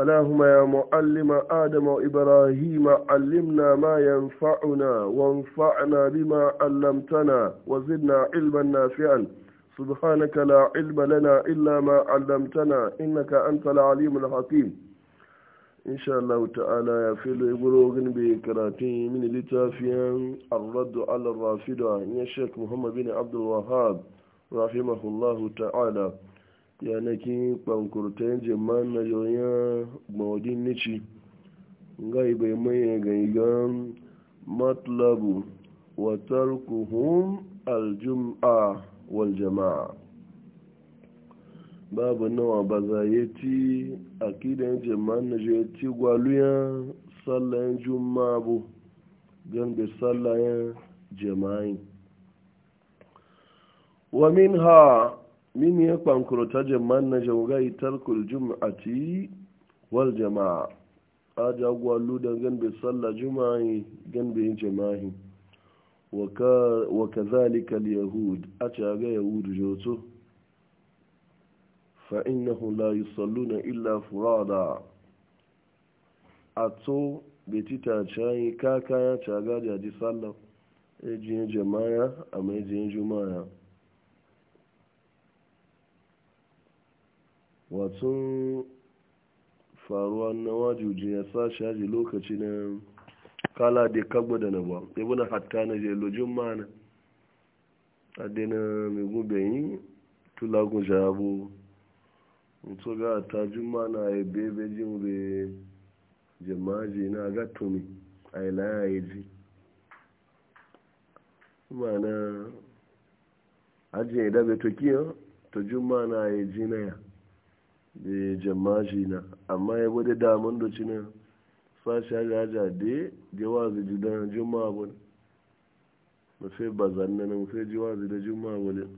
اللهم يا معلم آدم وإبراهيم علمنا ما ينفعنا وانفعنا بما علمتنا وزدنا علما نافعا سبحانك لا علم لنا إلا ما علمتنا إنك أنت العليم الحكيم إن شاء الله تعالى يا فيلو يبروغن بكراتي من لتافيا الرد على الرافضة يا شيخ محمد بن عبد الوهاب رحمه الله تعالى yanakin kpankurtayen jaman na yoyin gbawadin nici ga ibe mai gangan matlabu wa kuhun aljum'a wal jama'a babu nawa ba za yi ti akidan jaman na ya ti gwaluyan sallayen juma'a bu ganbe sallayen jama'i wa min ha min ya kwankuro ta jama'an na jamgai tarkul jum'ati wal jama'a a jagwalu da ganbe sallah juma'i ganbe jama'i wa kazalika yahud a caga yahudu joto fa'innahu la yusalluna illa furada a to ta cayi kaka ya caga jaji sallah ejiyen jama'a a mai jiyen juma'a watsun faruwa na wajuji ya sa shaji lokaci na kala da kagba da na ba ibi na hatta na je lojin mana adina mai gube yi tulagun shabu mutu ga ta juma na ya bebe jin be jamaji na gatumi a ilaya ya ji mana ajiye da betokiyar ta juma na ya ji ya da jamaji na amma ya bude damun da cinin sashi agaja da gewa zai ji dan juma'a bu na sai bazan na nan sai ji wazi da juma'a wani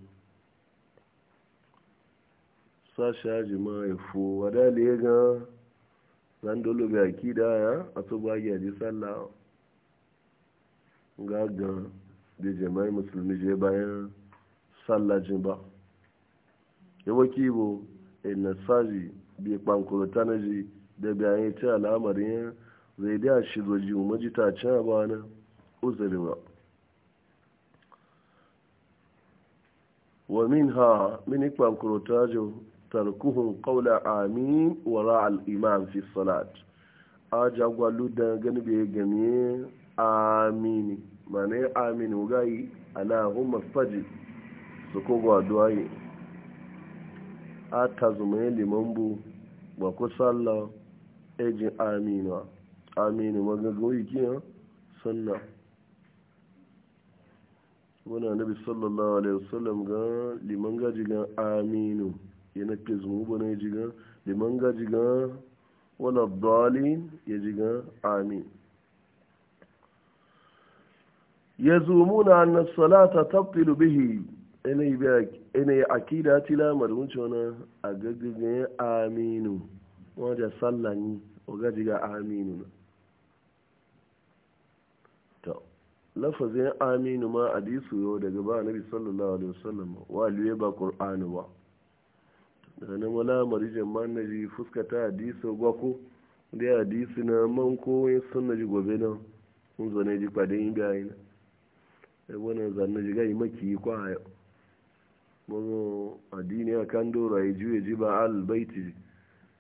sashi haji ma ya fo wada da ya ga zan dole bai ki da ya a su ba ya ji sallah ga da jama'i musulmi je bayan sallah jin ba yawa bo. nasaji bi kwankurta na ji da bayan ta al'amarin zai da shi zoji umarji ta can ba na uzuri ba wa min ha mini kwankurta tarkuhun kaula amin wara al'imam fi salat a jagwalu da gani bai gami amini mana amini wugayi alahumma fajib su kogwa duwaye a tazumaye liman bu ba ku tsalla ejin amina aminu magagawa kiyan sanna wani annabi sallallahu alaihi wasallam ga liman gaji ga aminu ya ke zumu ba na ji ga liman gaji ga wala ya ji ga amin yazumuna anna salata tabtilu bihi ene akida tila marunci wani a gaggagin aminu wajen sallani oga ga aminu na to lafazin aminu ma hadisu yau daga ba nabi sallallahu alaihi wasallam wa liye ba qur'ani ba daga nan wala marijin man naji fuskata hadisu gwako da hadisu na man ko sun naji gobe na mun zo ne ji kwadin yi na ebe na zanne ji ga yi maki kwa yau gbogbo addini a kan dora ya juya ji ba albaiti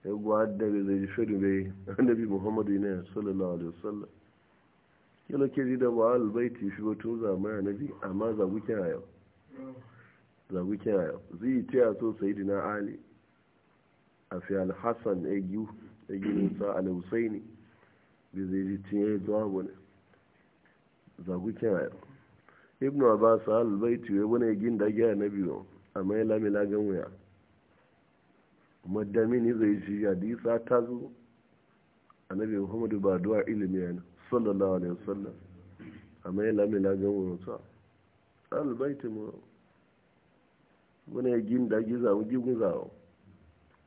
ya gwa daga zai ji shirin bai annabi muhammadu ne sallallahu alaihi wasallam kila ke ji da ba albaiti shi wato zama ya nabi amma zagu kyayo zagu kyayo zai ce a so na ali a fi alhassan egiyu egiyun sa alhussaini bai zai ji cinye zuwa gwane zagu kyayo ibnu abbas albaiti ya wani egin da gya na biyu a mai lamina gan wuya madamini zai ji hadisa ta zo annabi muhammadu ba duwa ilimi yana sallallahu alaihi wasallam a mai lamina gan wuya sa albaiti mu wani ya gini da giza mu za a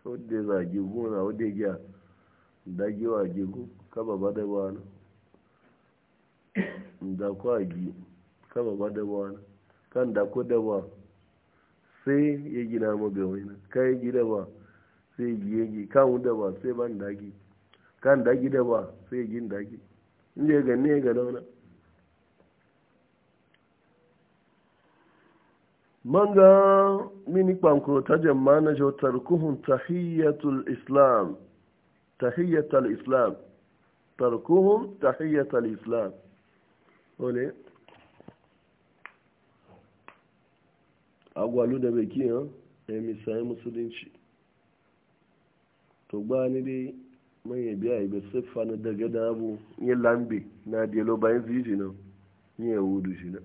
wadda ya zagi gona wadda ya giya giwa gigun kaba ba da wani da kwa gi kaba ba da wani kan da ko da ba sai ya gina maga wani kayan gida ba sai giye gi kan da ba sai ban dagi kan dagi da ba sai gin dagi inda ya gani ya ga launa manga mini kwankuro ta jama na jautar kuhun tahiyyatul islam tahiyyatul islam tarkuhun tahiyyatul islam ole agwalu da baki yan ya misayi musulunci to ba ni dai manya biya ibe siffa na daga da abu yi lambe na dialo bayan ziji na yi yahudu shi na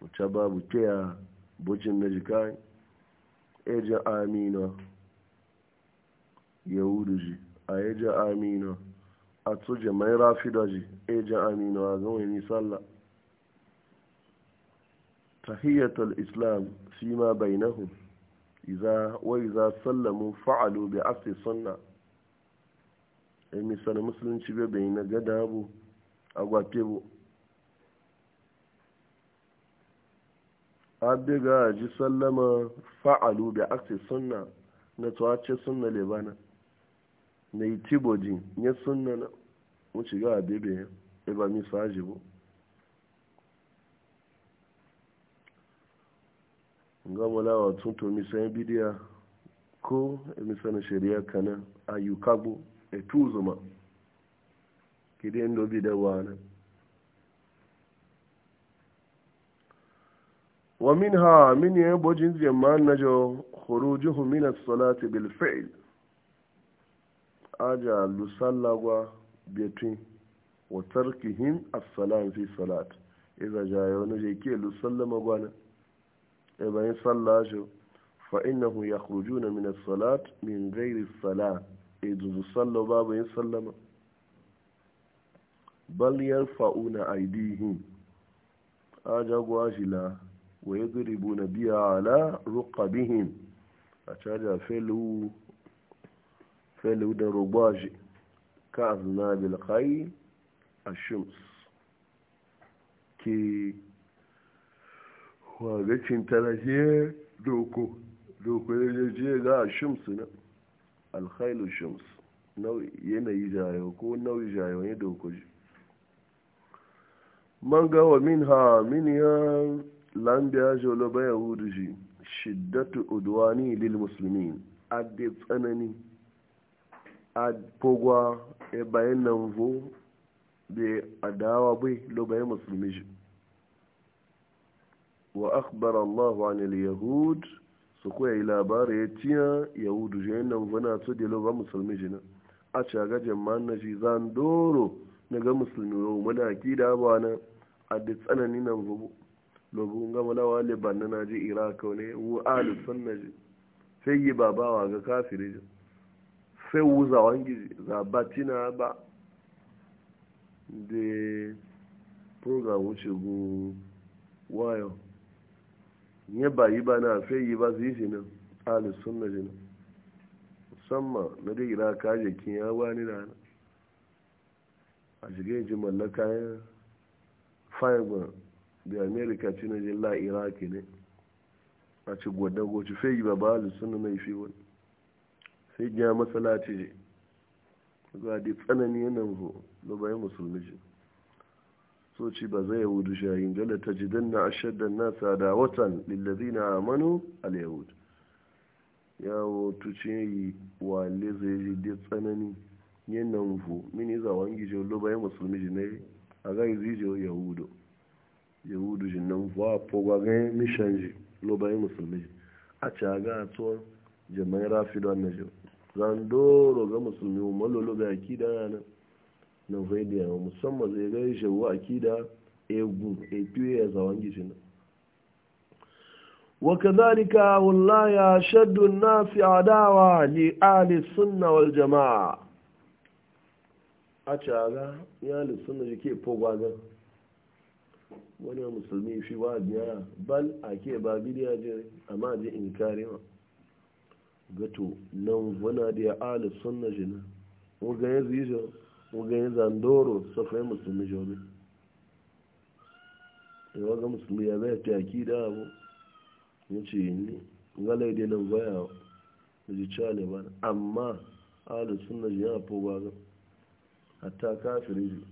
wacce babu keya bucin na jika ejin amina yahudu shi a ejin amina a tsoje mai rafi da shi ejin amina a zama yi sallah tahiyyat al-islam shi ma bainahum idza wa idza sallamu fa'alu bi asli sunna e mi sana musulunci be be ina gada bu agwa tebu abiga ji sallama fa'alu bi asli sunna na to acce sunna le bana na itibodi ne sunna na mu ci ga abebe e ba mi sajibu bu lawa tun to misan bidiya ko misan shari'a kana ayyuka bu e tuzuma kidan do da wana wa ha, min ya bojin jama'an najo khurujuhu min as bil fi'l aja lusallagwa betin wa tarkihim as fi salat idza jayo naje ke lusallama gwana bayan sallah shi fa innahu yakhrujuna min as-salat min ghairi as-salat idu sallo babu yin sallama bal yarfa'una aydihim aja gwajila wa yadribuna biya ala ruqabihim a caja felu felu da rugwaji ka aznabil khayl ash-shams ki wa ga cintarashe doko doko ya je ga a shamsu na alkhailu shams yanayi jayo ko nau'i jayo ne doko shi man gawa min ha min ya lambiya jolo ba yahudu shi shiddatu udwani lil muslimin adde tsanani ad pogwa e bayan nan vo de adawa bai lo bayan musulmi shi wa akhbar Allah an yahud su kuwa yi labarai ya ciya yahudu shi yana vana su da ba musulmi na a ci a gajin ma na shi zan doro na ga musulmi yau ki da ba na a da tsanani na vubu lobu ga malawa liban na naji iraq ne wu alu sunna ji sai yi babawa ga kafiri ji sai wu zawan gizi zabatina ba da program wuce gu wayo ya bayi ba na fe yi ba zai shi nan alis sunna jina musamman na da ira ka jikin ya wani na a shige ji mallaka ya fayagba da amerika ci na jin iraki ne a ci gwadon goci fe yi ba ba alis sunna mai fi wani sai ya masalaci je ga di tsanani yanan zo da bayan musulmi shi soci ba zai yahudu shahin gala ta ji danna a shaddan nasa da watan lillazi na amanu al-yahud yawo ce yi wa zai ji da tsanani yin nan fu mini za wangi je lo bayan musulmi ji ne a ga yi wa yahudu yahudu ji nan fu a fogwa ga mishan ji lo bayan musulmi ji a ci a ga a tuwa jama'in rafi don na ji zan doro ga musulmi umar lo lo ki dana. nan novembra musamman zai gari shawo akida egu a e fiye ya zawon gizina wakadarika wallaya shaddun nasi adawa li ali sunna wal jama'a a caga ya li sunna shi ke fogwazar wani musulmi fi wa biyara bal a ke ba bidiya jere a maji in kare ma gato nan vuna da ya ali sunna shi na wagayen zuwa wajen zandoro safai musulmi jomi da eh, ga musulmi ya zai aki da abu ya ce ni ngalai dai nan baya da ji cewa ne ba amma alu suna ji yana fo ba hatta kafirin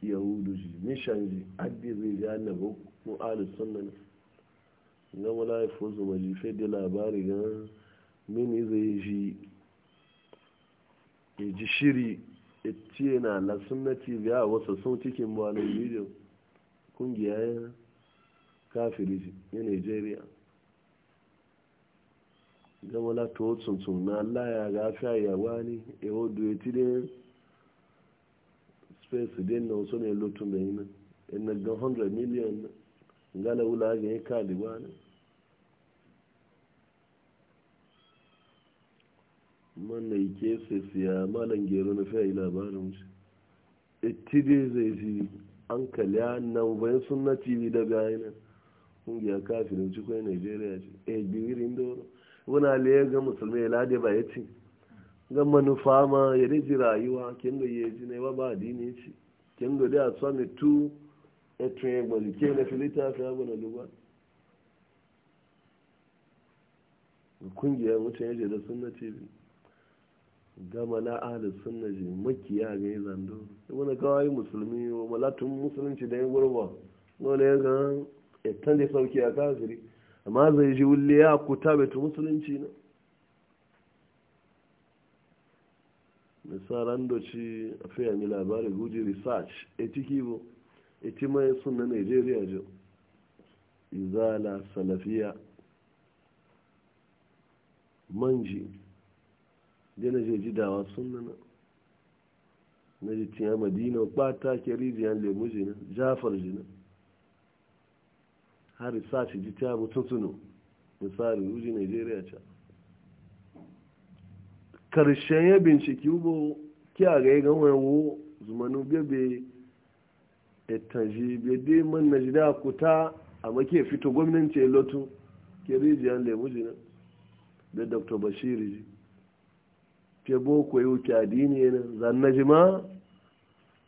ji yahudu ji nishan ji adi zai ji annaba ko alu suna ne gama la haifo zuma ji fai da labari gan mini zai ji ya ji shiri ce na la sunnati a wasu sun cikin buwanin bidiyo kungiya ya kafiri ya nigeria gama la to tuntun na allah ya gafiya ya wani ewo duwe da de space den na wasu ne lotu da yi na 100 million gala wula ga ya kadi ne man na ike siya malan gero na fiye labarin shi itti dai zai ji an kalya nan bayan sun na tv daga bayan kungiya kafirin ci kwai nigeria ce e eh, biwirin doro wani alayyar ga musulmi ya lade ba ya ci ga manufa ma ya daji rayuwa kin ga ya ji na yawa ba adini ci kin ga da tsa mai tu ya tuye gbazi ke na filita fi abu na duba kungiyar mutane da sun na tv gama na ahli sunna ji makiya ga yi zando wani kawai musulmi wa malatun musulunci da yin gurba wani ya gan etan da sauki a kafiri amma zai ji wulle ya kuta betu musulunci na misalan da ci a fiya ni labari guji research a ciki bo a ci mai sunna nigeria jo izala salafiya manji je na je jidawa sun na na je tiya madina ba ta ke rijiyar lemu jina jafar jina har sa shi ji ta mutum tuno misali uji nigeria ca karshen ya binciki ubo kya ga yi ganwa yawo zumanu ta ji bebe man na jida ta a make fito gwamnati lotu ke rijiyar lemu jina da dr bashiri ke boko yau ke adini ne zanna jima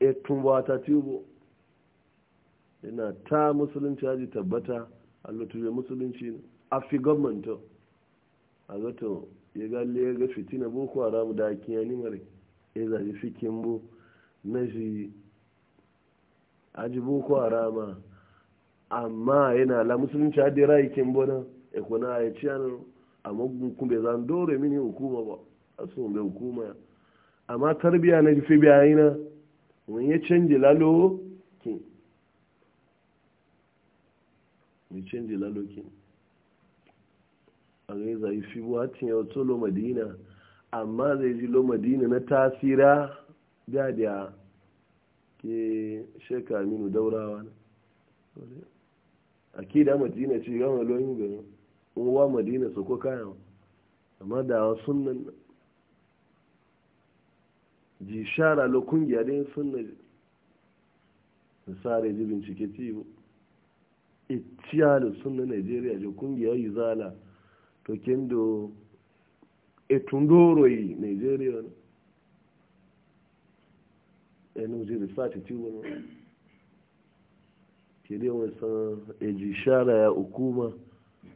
e tumba ta tubo yana ta musulunci haji tabbata allah tuje musulunci a fi gwamnati a zato ya galle ya ga fitina boko haram da kiya ni mare ya zaji fikin bu na shi aji boko harama amma yana la musulunci haji rai kimbo na ekwana a ya ci a magunkun kuma zan dore mini hukuma ba asun mai hukuma amma tarbiya na fi bayi na wani ya canji lalo ki ya canji lalo ki a ga zai fi watin ya wato lo madina amma zai ji lo madina na tasira da ke sheka minu daurawa na da madina ce gama lo yin gano wa madina su ko kayan amma da wasu nan ji shara lo kungiya dai sunna sare ji bincike ti bu itiyal sunna Najeriya ji kungiya yi zala to kendo etundoro yi Najeriya ne ẹnu ti research ti wọn kede wọn san eji shara ya hukuma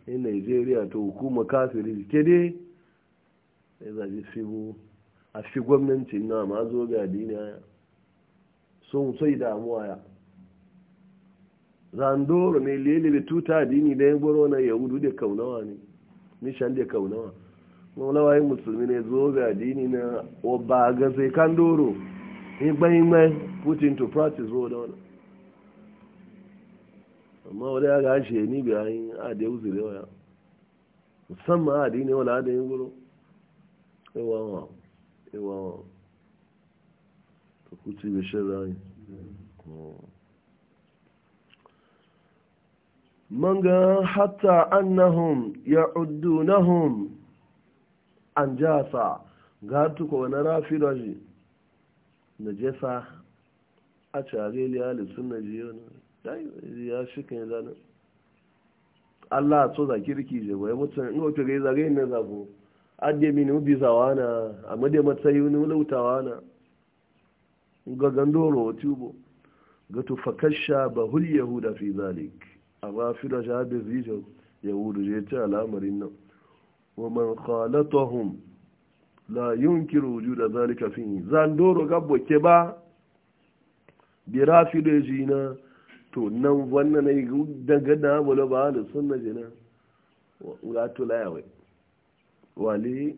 in nigeria to hukuma kafiri kede ya zaji fibu a fi gwamnati na zobe zo ga ya sun sai damuwa ya zandoro mai lelebe tuta dini da ya gwaro na yahudu da kaunawa ne nishan da kaunawa maulawayin musulmi ne zo ga na ba ga sai kan doro in bayin mai put into practice road on amma wadda ya ga shi ni bayan a da yau ya musamman a wadda wala gwaro sai wawa ewa ka kuci bai shan rayu manga hatta annahum ya'uddunahum an jasa ga tuka wani rafi raji na jesa a cari liyali sun na jiyo na ya shi kan zanen Allah so za kirki je bai mutum in wata gai zagayin na zabo Adiye mini ubi zawana a da matsayi wani lautawa na ga gandoro tubo ga tufakasha ba hul yahuda fi zalik ba fi da shahadar zijo yahudu je ta al'amarin nan wa man khalatahum la yunkiru wujuda zalika fihi zandoro gabbo ke ba bi rafido jina to nan wannan ne daga da bolo ba da sunna jina wa to layawai wali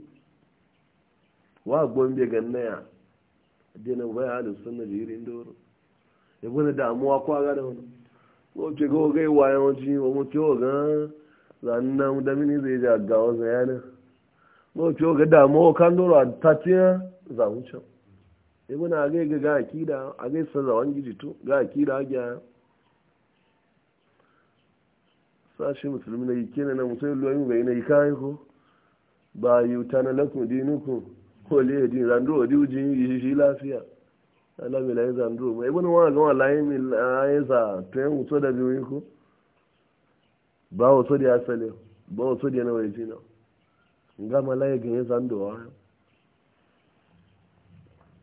wa gombe ganna ya dina baya halin sunna jirin e doro ya damuwa ko ga da wani ko go ga wa yawanci wa mu ce ga zanna mu da mini zai ja ga wa ko ga damuwa kan doro a tatiya za mu ce a ga ga akida a ga san zawan gidi to ga akida ga sashi musulmi na na musulmi ko ba yi tana lakun dinukun wale ya din zandro wadi ujin yi shi lafiya ala mi layi zandro ma ibn wa ga wala yi mi layi za to yan wuto da biyu ko ba wuto da asale ba wuto da na waje na ga ma layi ga yi zandro wa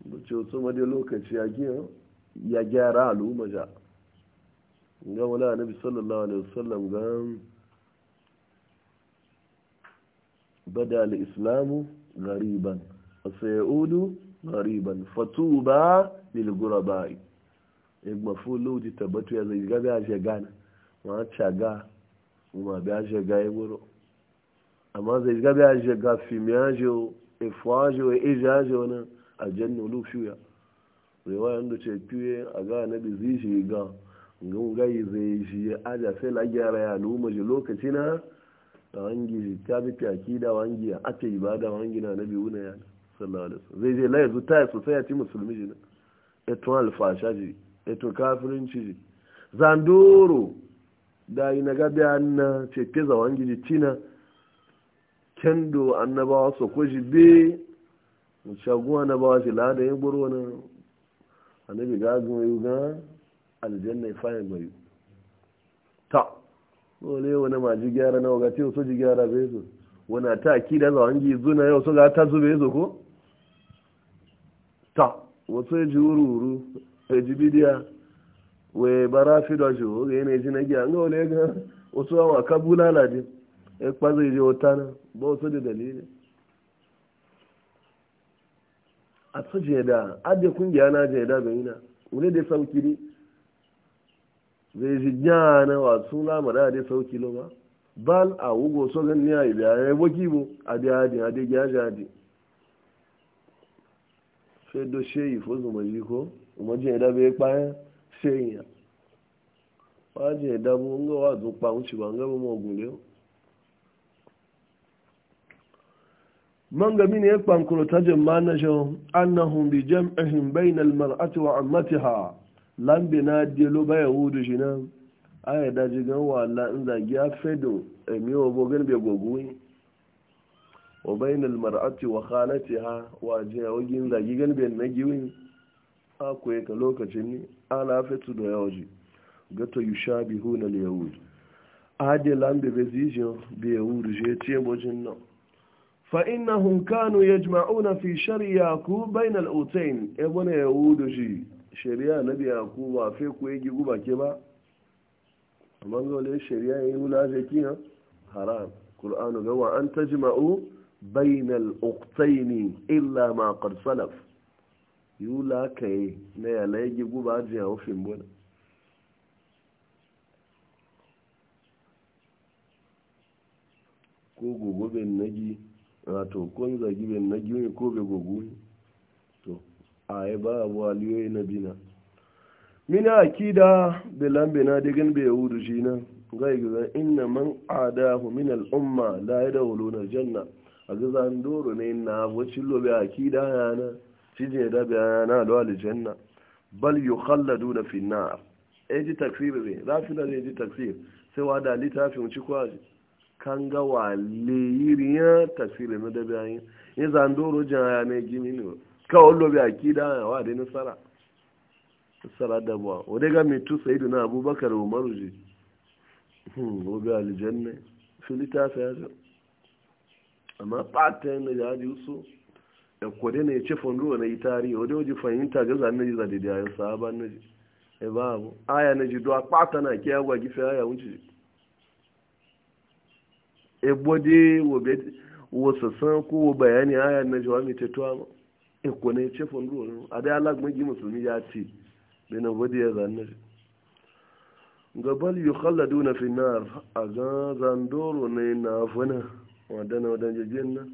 bu ce wuto ma dai lokaci ya gina ya gyara al'umma ja gama wala annabi sallallahu alaihi wasallam ga bada al'islamu gariban gariban sayaudu gariban fatuba lil gurabai egba fulu di tabatu ya zai gaba gabe a shegana ma chaga ma be a shega e wuro amma zai gaba gabe a shega fimiajo e fuajo e ejajo na aljanna lu fiya riwaya ndo ce piye a ga nabi zai shiga ngun gai zai shi aja sai la gyara ya lu lokaci na da wangi ta bi fiyaki da wangi a ake yi ba da wangi na nabi wuna ya sallallahu alaihi su zai je la yanzu ta sosai ya ci musulmi ji eto e alfasha ji eto kafirinci ji zandoro da yi na gabi an na ke za wangi ji tina kendo annabawa so ko ji be mu shagu annabawa ji lada da yin gburu wani annabi ga yi ga aljanna ya fayin mai ta dole wani ma ji gyara na wagati wasu soji gyara bai zo wani ta ki da zawon gi zuna yau so ga ta zo bai zo ko ta wasu ya ji wuru wuru ya ji bidiya wai bara fi da shi ga yana ji na giya an ga wani ga wasu hawa ka bulala ji ya kwazo ya ji wata na ba wasu da dalili a tsaje da adda kungiya na je da bai na wani da sauki ne zai ji jana wa sun lamara da sauki lo ba bal a wugo so gan ni yi da ya boki bo a da adi a da ya jadi sai do sheyi fo zuma ji ko mo je da be pa sheyi ya wa je da mo ngo wa zo pa un ci ba ngo mo ogun le manga mini ya kwankuro tajin manashin annahun bi jam'ihim bainal mar'ati wa ammatiha lambe na dielo ba yahudu shi nan aya da ji gan wala in zagi ya fedo emi wa bogan be goguwi wa ha mar'ati wa khalatiha wa je wagin zagi gan be na giwi akwai ka lokacin ni ala fetu da oji gato yushabihuna al-yahud ade lambe be zijo be yahudu je tie bojin nan فإنهم كانوا يجمعون في شر يعقوب بين الأوتين ابن يهود جي shari'a na biya ku ba fe ku yi gigu ba ke ba amma ga wale shari'a ya yi wula zai ha haram qur'anu ga wa an jima'u bainal uqtayn illa ma yi salaf ka yi na ya yi gigu ba jiya ha bula ko gugu bin nagi wato kun zagi bin nagi ko bai gugu ne a ba abu na bina mina akida da na digin bai yahudu shi na ga yi inna man adahu min umma la ya da janna a gizan doro ne na wacin lobe akida yana cije da bayana na al janna bal yukhalladu khalladu na finna ya e ji takfir ne rafina ne ji takfir sai wa da littafin ci kwa kan ga wa leyiriya takfir na da bayan ya zandoro jaya ne gimi ne kawo lobe a kida wa da nasara nasara da buwa wadai ga mai tusa idu na abubakar umaru ji hmm, lobe aljanna su littafi ya zo amma pata yana ya ji usu ya kwade na ya ce fondo na yi tari wadai waje fahimta ga zanen ji zade da yayin sahaba na ji e ba abu aya na ji duwa ɓata na ke yawa gife aya wunci ji e bode wo sassan ko bayani aya na ji wa mai tuwa ba ikone ce fondu a dai alag gi musulmi ya ci bai na wadda ya zanne gabal yi khalladu na finar a ga zandoro ne na fana wadana wadan jirgin na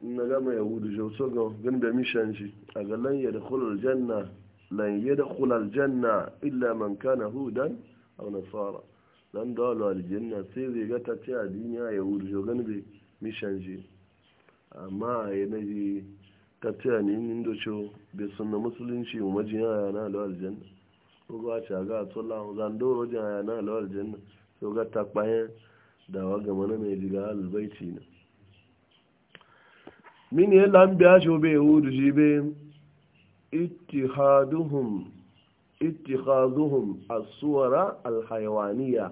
na gama yahudu jauso ga gan da mishan shi a ga lan yadda kular janna lan yadda kular janna illa man kana hudan a nasara dan dalo aljanna sai zai ga ta ce a duniya yahudu jau gan da mishan shi amma yanayi katiya ne yin da ciwo bai suna musulunci umajin yaya na alawar janna ko ga ci a ga tsola zandoro jin yaya na alawar janna so ga kpaye da wa gama na mai jiga albaici na min ya lambiya shi bai hudu shi bai ittihaduhum ittihaduhum as-suwara al-hayawaniyya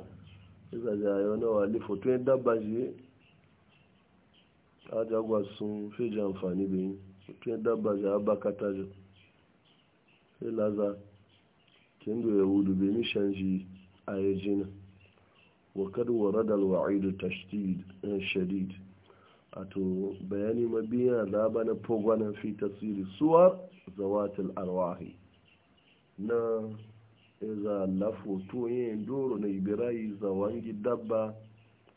iza jayo na wali foto dabba shi a jagwa sun fi amfani bai ke dabba ji abakata ji sai laza ya yahudu bai mishan ji a yajina wa kad warada alwa'idu tashdid eh, shadid ato bayani mabiya zaba na pogwana fi tasiri suwar Zawatul arwahi na iza lafo to yin doro na ibirai zawangi dabba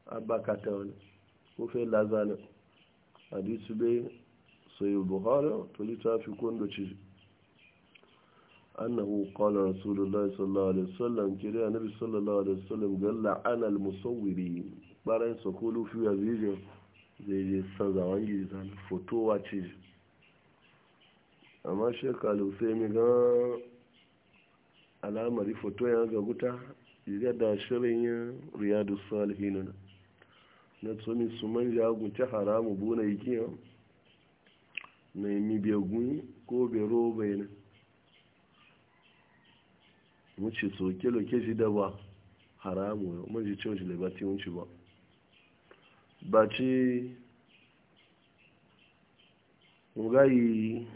ta wani ko fe lazana hadisu bai sai buhari to littafi kwanda ce annahu qala rasulullahi sallallahu alaihi wasallam kiriya nabi sallallahu alaihi wasallam ga la'ana al-musawwiri bayan sakulu fi yazijo zai je san zawan yi zan fotowa ce amma shekalu sai mi ga alamari foto ya ga guta ga da shirin ya riyadu salihin na tsomi su manja gunce haramu buna yi kiyan mai mibegun ko bai roba yana wuce soke loke shi da ba haramu ya umarci cewa shi labati wunci ba ba ce ngayi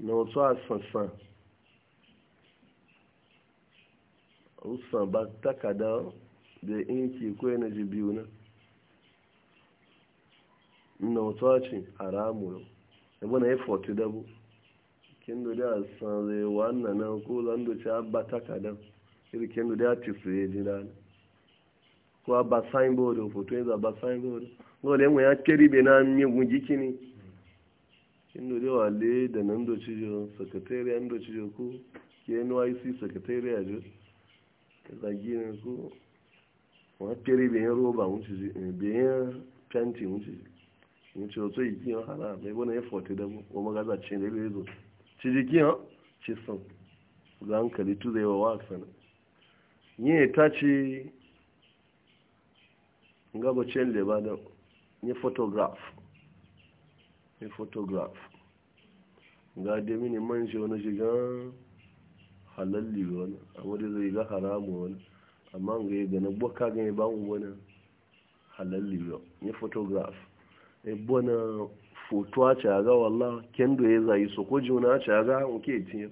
na wasu asansan usan ba takada da inki ko yana ji biyu na na achị ci haramu ebe na efo ti dabu kendo da san zai wannan nan ko zan doce abba takadan iri kendo da ti su yi jina ne ko abba signboard o foto yanzu abba signboard ko le mu ya keri be na mi gun jikini kendo da wale da nan doce jo secretary an doce jo ko KNYC secretary a jo na ne wa keri be roba mun ci be fenti mun ce nci otu ikiyan hana mai wani ya fote da mu o magaza ce da bai zo ci jikiyan ci sun za hankali tu zai wa wasa na yi ta ci gaba cin lebanon ni photograph ni photograph ga da mini man shi wani shigan halalli wani a wadda zai ga haramu wani amma ga yi gana boka gani ba wani halalli wani ni photograph ebona foto a caga wallah kendo ya zayi so ko juna a caga nke tiye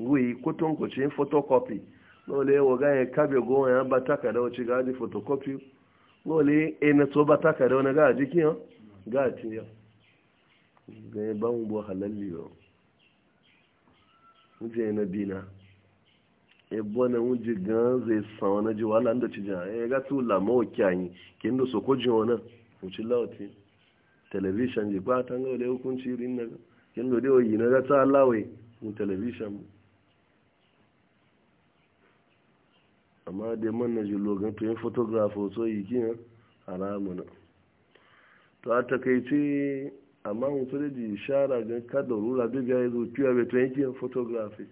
ngui koton ko ce photocopy lole wo ga ya e kabe go ya ba da wace ga di photocopy lole e na to ba da wani ga aji kiyan ga tiye ga ya ban bo halalli yo muje na bina e gan zai ji wala ndo ci ga tu kyanyi kendo so ko television ji ba tan ga da hukunci irin na kin do yi na ga ta lawai mu television amma da man na ji logan to yin photographer so yi kin haramu na to a takaice amma mu so da ji shara ga kada rura da ga yazo tiya be to yin photography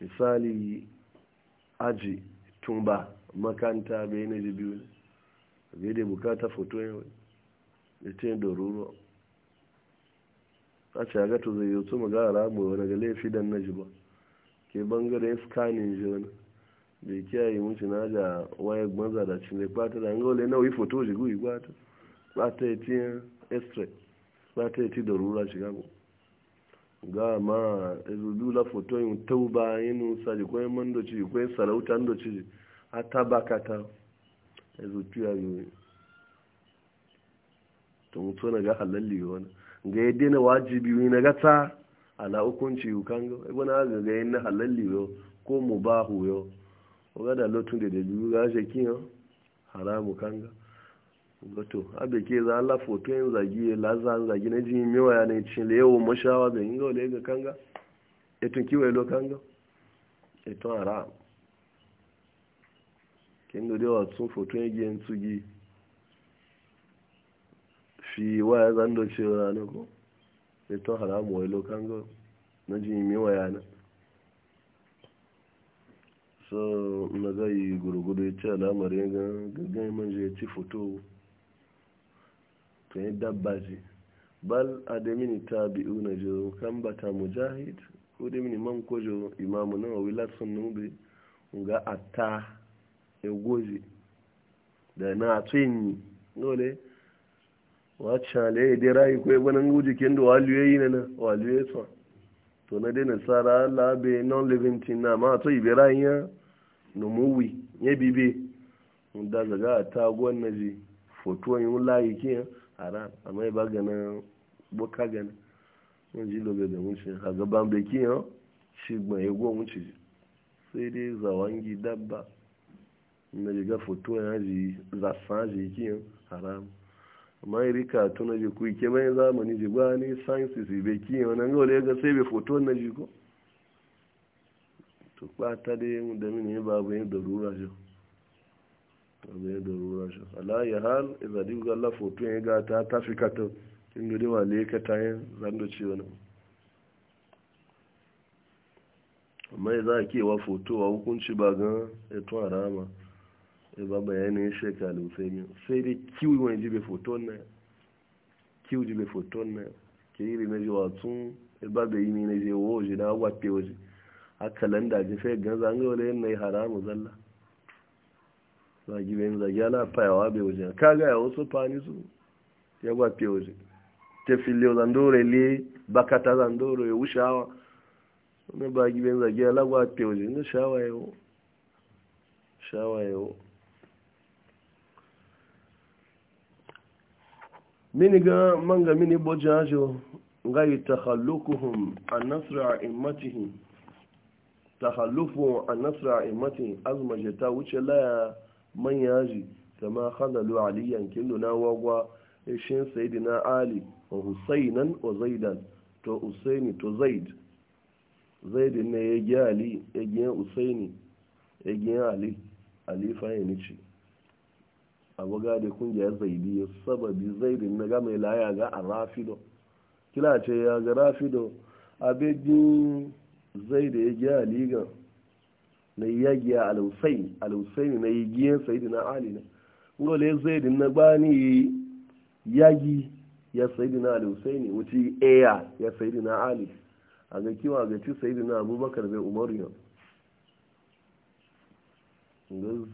misali aji tumba makanta bai na ji biyu gede bukata foto ewe da ce da ruru a ce ga to zai yoto mu ga ramu wani ga laifi dan naji ba ke bangare ya scanning ji wani kiyaye mutu na da waya gbanza da cin da kwata da ga na nauyi foto ji guyi kwata ba ta yi tiyan estre ba eti yi ti da rura shiga mu ga ma ezudula foto yin tauba yin sa ji kwaye mandoci kwaye sarauta ndoci a tabakata zuciya yoyi to mutu na ga halalli wani ga ya dina wajibi yi na gata ala hukunci yukan ga wani aga ga yin na halalli yau ko mu ba hu yau ga da lotun da dabi'u ga shi kiyan haramu kan ga gato abe ke za la foto yin zagi ya laza zagi na jini mewa ya ne cin lewo mashawa da yin ga wale ga kan ga etun kiwaye lo kan ga etun haramu kinga da yawa sun foto ya giyan tsugi fi waya zan da ce rana ko ya to haramu wai lokan na ji mi waya na so na zai gurgudu ya ce alamar ya gangan manje ya ci foto to ya dabba ce bal adamini ta biyu na jiro kan bata mujahid ko da mini man kojo imamu nawawi latsun nube nga ata egoji da na tsinyi dole wacce le dai dira yi kwai wani guji kin da waliyo yi na waliyo to to na dai nasara labe non living tin na ma to ibira ya no muwi ya bibe da zaga ta gwan na ji foto yin layi ki ara amma e ba na boka gana mun ji lobe da mun shi ha gaban ki yo shi e gban ego mun ci sai dai zawangi dabba na jiga foto ya ji zafa ji kiyan haram amma rika kato na ji kuyi ke bayan zamani ji ba ni su be kiyan wannan ga wale ga sai be foto na ji ko to kwata da yi da mini babu da rura shi babu da rura shi ala ya hal iza e di ga la foto ya ga ta ta fi kato kin gode wa ka ta yin zando ci wani amma za a kewa foto a hukunci ba gan eto harama ba bayanin shekaru sai ne sai dai kiwi wani jibe foton na kiwi jibe foton na ke iri na jiwa tun ba da yi na je waje na wape waje a kalanda ji sai gan zanga wani yin na yi haramu zalla za gi bayan zagi ana fayawa bai waje ka ga ya wasu fani su ya wape waje te filio zandore le bakata zandore ya wushawa wani ba gi bayan zagi ala wape waje na shawa yau, shawa yau. mini ga manga mini bojajo ngai takhallukuhum an nasra immatihim takhallufu an nasra immatihim azmaje ta wuce laya man yaji kama khadalu aliyan kindo na wagwa shin sayyidina ali wa husainan wa zaidan to usaini to zaid zaid ne ya gi ali ya gi usaini ya gi ali ali fa yanici abu gade kungiyar zaidi sababi zaidi na gama laya ga a rafido kila ce ya ga rafido abejin zaidi ya gina liga na yagi a alusai alusai na yi giyan saidi na ali na ngole zaidi na gbani yagi ya saidi na alusai ne wuce eya ya saidi na ali a ga kiwa ga ci saidi na abubakar bai umaru yau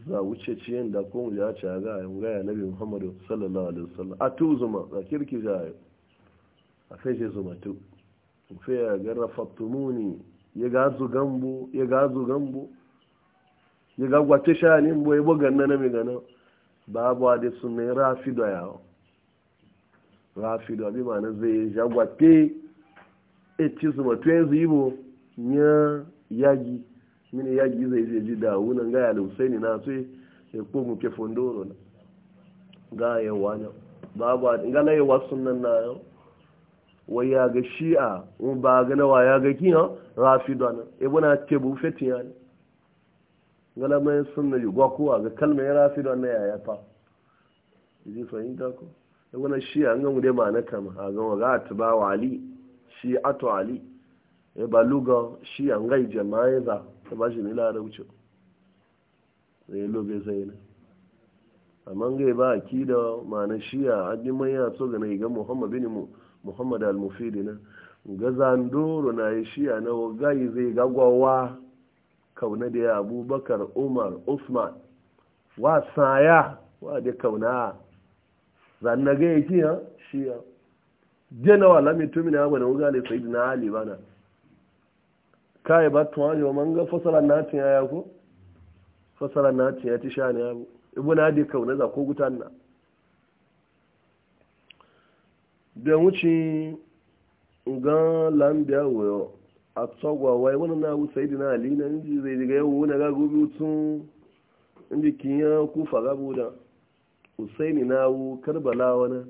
za wuce ciyen da kun ya ce ga yin gaya nabi muhammadu sallallahu alaihi wasallam a tu zuma a kirki za a ce zuma tu fe ya ga rafattumuni ya gazu gambo ya gazu gambo ya ga gwace shanin bo ya bugan na nami gana babu a dai sun ne rafido yawo rafido bi ma na zai ya gwace ya e ci zuma tu e yanzu bo ya yagi mini ya giza je ji da wunan gaya da husaini na sai ya ko muke fondoro na ga gaya wani babu a ngala yawa sunan na yau wai ya ga shi'a in ba ga nawa ya ga kina rafi da nan na bana e, bu fetin ya ne ngala mai sunna yi gwa kowa ga kalmar ya rafi da nan ya ya fa ji fahimta ko e bana shi'a ngan mu dai ma na kama a ga wa ga tuba wa ali shi'atu ali e ba shi shi'a ngai jama'a za ta ba shi ne da zai lobe zai ne amma ga ba a ki da ma'ana shiya hajji mai ya so yi ga muhammad bin muhammad al-mufidi na ga zandoro na yi shiya na wagayi zai gagawa kauna da ya abubakar umar usman wa saya wa da kauna zanna ga yake ya shiya jana wa lamitu wani abu da wuga da sayyidina ali bana kai ba tuwa yau man ga fasara na ya ko fasara na ya ti sha ne abu ibu na di kauna za ko gutan na da wuce ga lambiya wuyo a tsogwa wai wani na wu sai dina ali na inji zai diga yau wani ga gobe tun inji kinya kufa gabo da usaini na wu karbala wani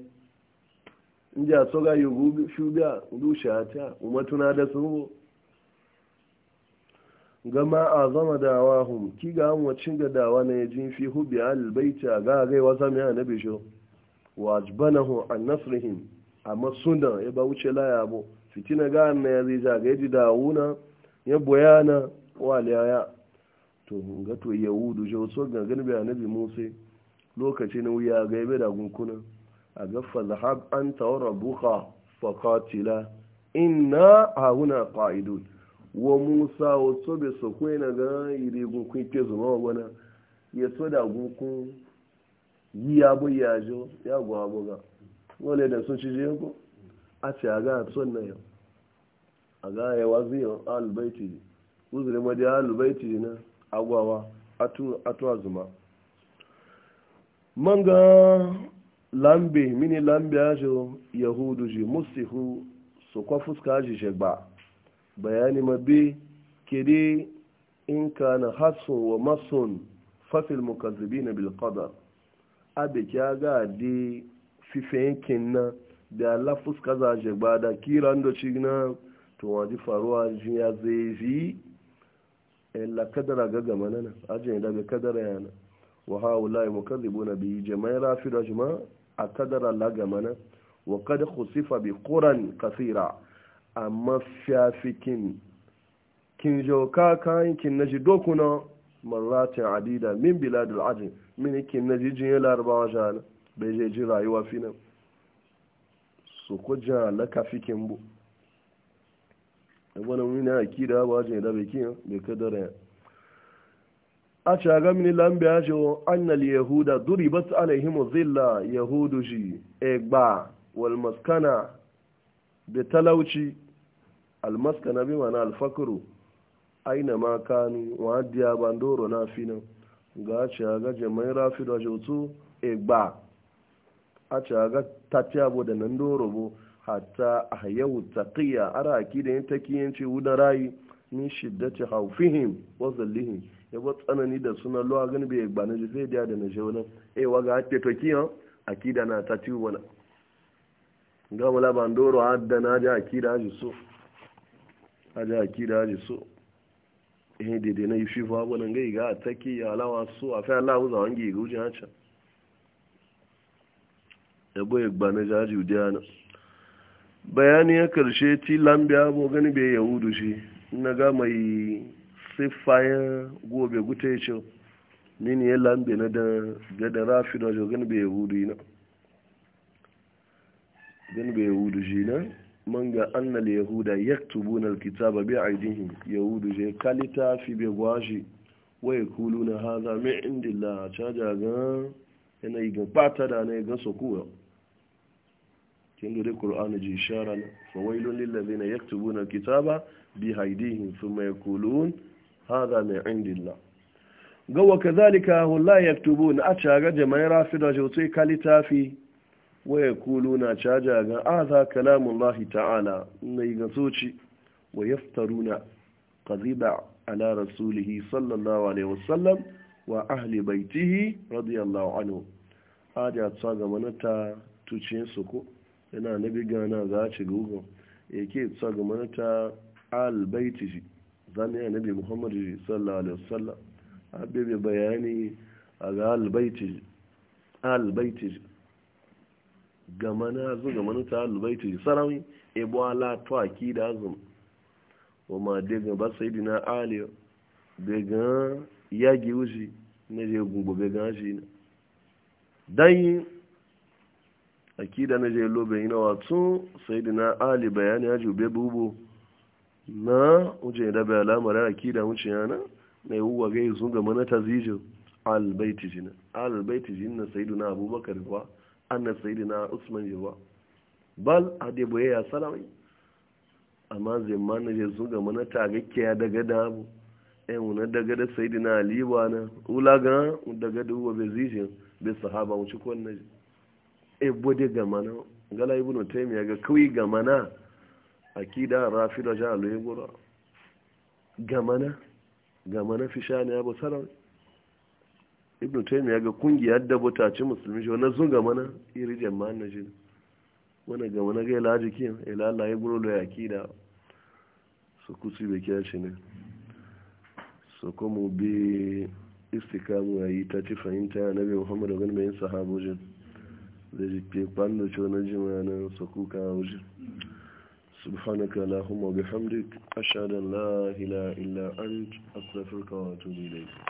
inji a tsoga yi gobe shuga dushe a ta umatuna da sun gama a zama hun ki ga an wacin ga dawa na ya jin fi hubi albaita ga gaiwa zama ya na bisho hun an nasirin amma suna ya ba wuce laya fitina ga na ya zai ga ya ji dawuna ya wa waliyaya to ga to yahudu jo so ga ganbe annabi musa lokaci na wuya ga yabe da gunkuna a ga an anta wa fakatila faqatila inna hauna qa'idun wo musa wato bai so na ga iri gunkun ike zuma wani ya so da gunkun yi ya bu ya jo ya gwa wale da sun ci je a ce a ga son na yau a ga ya wazi yau alubaiti uzuri ma da alubaiti na agwawa atuwa zuma man ga lambe mini lambe ajo yahudu ji musihu su kwa fuska ji shegba bayani mabi kiri in ka na hasu wa masun fasil mukazzabi na bilkada abe a ga fife fifayen kinna da ala fuska zaje da kiran da ci na to ji faruwa ji ya zai zi illa eh, kadara ga gama na da bai kadara yana wa haula na biyi jama'i rafi da ma a kadara la gama nan wa kada khusifa bi kuran kasira amma fiyafikin kin jauka kayan kin na ji dokuna marratin adida min biladul ajin min kin na ji jinye wa jana bai je ji rayuwa fina su ko jan laka fikin bu da wani wani na aki da abuwa jini da bai kiyan bai kadara ya a caga mini lambe ya ce annal yahuda duri basu alaihimu zilla yahudu ji egba wal maskana da talauci almaska na bi na alfakuru aina ma kanu wa diya bandoro na finan ga ce ga jama'i rafi da jotu egba a ce ga tatiya bo da nan doro bo hatta a yau taqiya araki da yin takiyanci wudan rayu ni shiddati haufihim wa ya ba tsanani da suna luwa gani bai egba na jefe da na jewa nan ewa ga hatta a akida na tatiwa wani ga laban bandoro hadda na ji da ji so a ji da ji so ihe dede na ifi fa abu nan gai ga a taki ya alawa so a fi alawu za wangi ga ujin hacha ya ya gba na jaji udiya na bayani ya karshe ti lambe abu gani bai yahudu shi na ga mai siffayen gobe gutecin nini ya lambe na da gada rafi na jogin bai yahudu na gan bai yahudu shi nan man ga annal yahuda yaktubuna alkitaba bi aidihim yahudu je kalita fi bi gwashi wa yaquluna hadha min indillah caja ga yana ga pata da ne ga sokuwa kin da qur'ani ji shara na fawailun lil ladina yaktubuna alkitaba bi aydihim thumma yaqulun hadha min indillah ga wa kadhalika wallahi yaktubuna a caga jama'ira fi da jautai kalita fi waya kulu na caja ga aza kalamun lahi ta'ala na yi gasoci wa yaftaruna kaziba ala rasulihi sallallahu alaihi wasallam wa ahli baitihi radiyallahu anhu aja tsa ga manata tuci su ko yana na na za a ci gugu ke tsa ga manata albaitihi zane nabi muhammadu sallallahu alaihi wasallam abin bayani a ga albaitihi gama na zu gama na ta lubaitu sarawi e ala to akida azum o ma de gan ba sayidina ali de gan yagi wuzi ne je gumbo be gan ji na dai akida ne je lobe ina watu sayidina ali bayani aji be bubu na uje da be alama ra akida mu ciyana ne uwa ga yuzun gama na tazijo al baiti jina al baiti jina sayidina abubakar kwa annan sayidina usman ba bal a da boye ya salamai amma zai mana je sun gama ta tagakke ya daga da abu ɗan eh, wuna daga da sayidina aliwa na ulaga daga da uwa bezijin bai sahaba wuce kwanan ji e bode gama na gala ibn taymiya ga kawai gama na akida rafi da jalo ya gura gama na gama na fi shani abu salamai ibn ya ga kungiyar da bota ci musulmi shi wannan sun gama na iri jama'an na jini wani gama na ga ilaji jikin ila Allah ya buru da yaki da su kusi bai kira shi ne su kuma bi istikamu ya yi ta ci fahimta ya nabi muhammadu gani mai sahabojin zai ji ke kwando ci wani jima na su kuka wajen سبحانك اللهم وبحمدك أشهد أن لا إله إلا أنت أستغفرك وأتوب إليك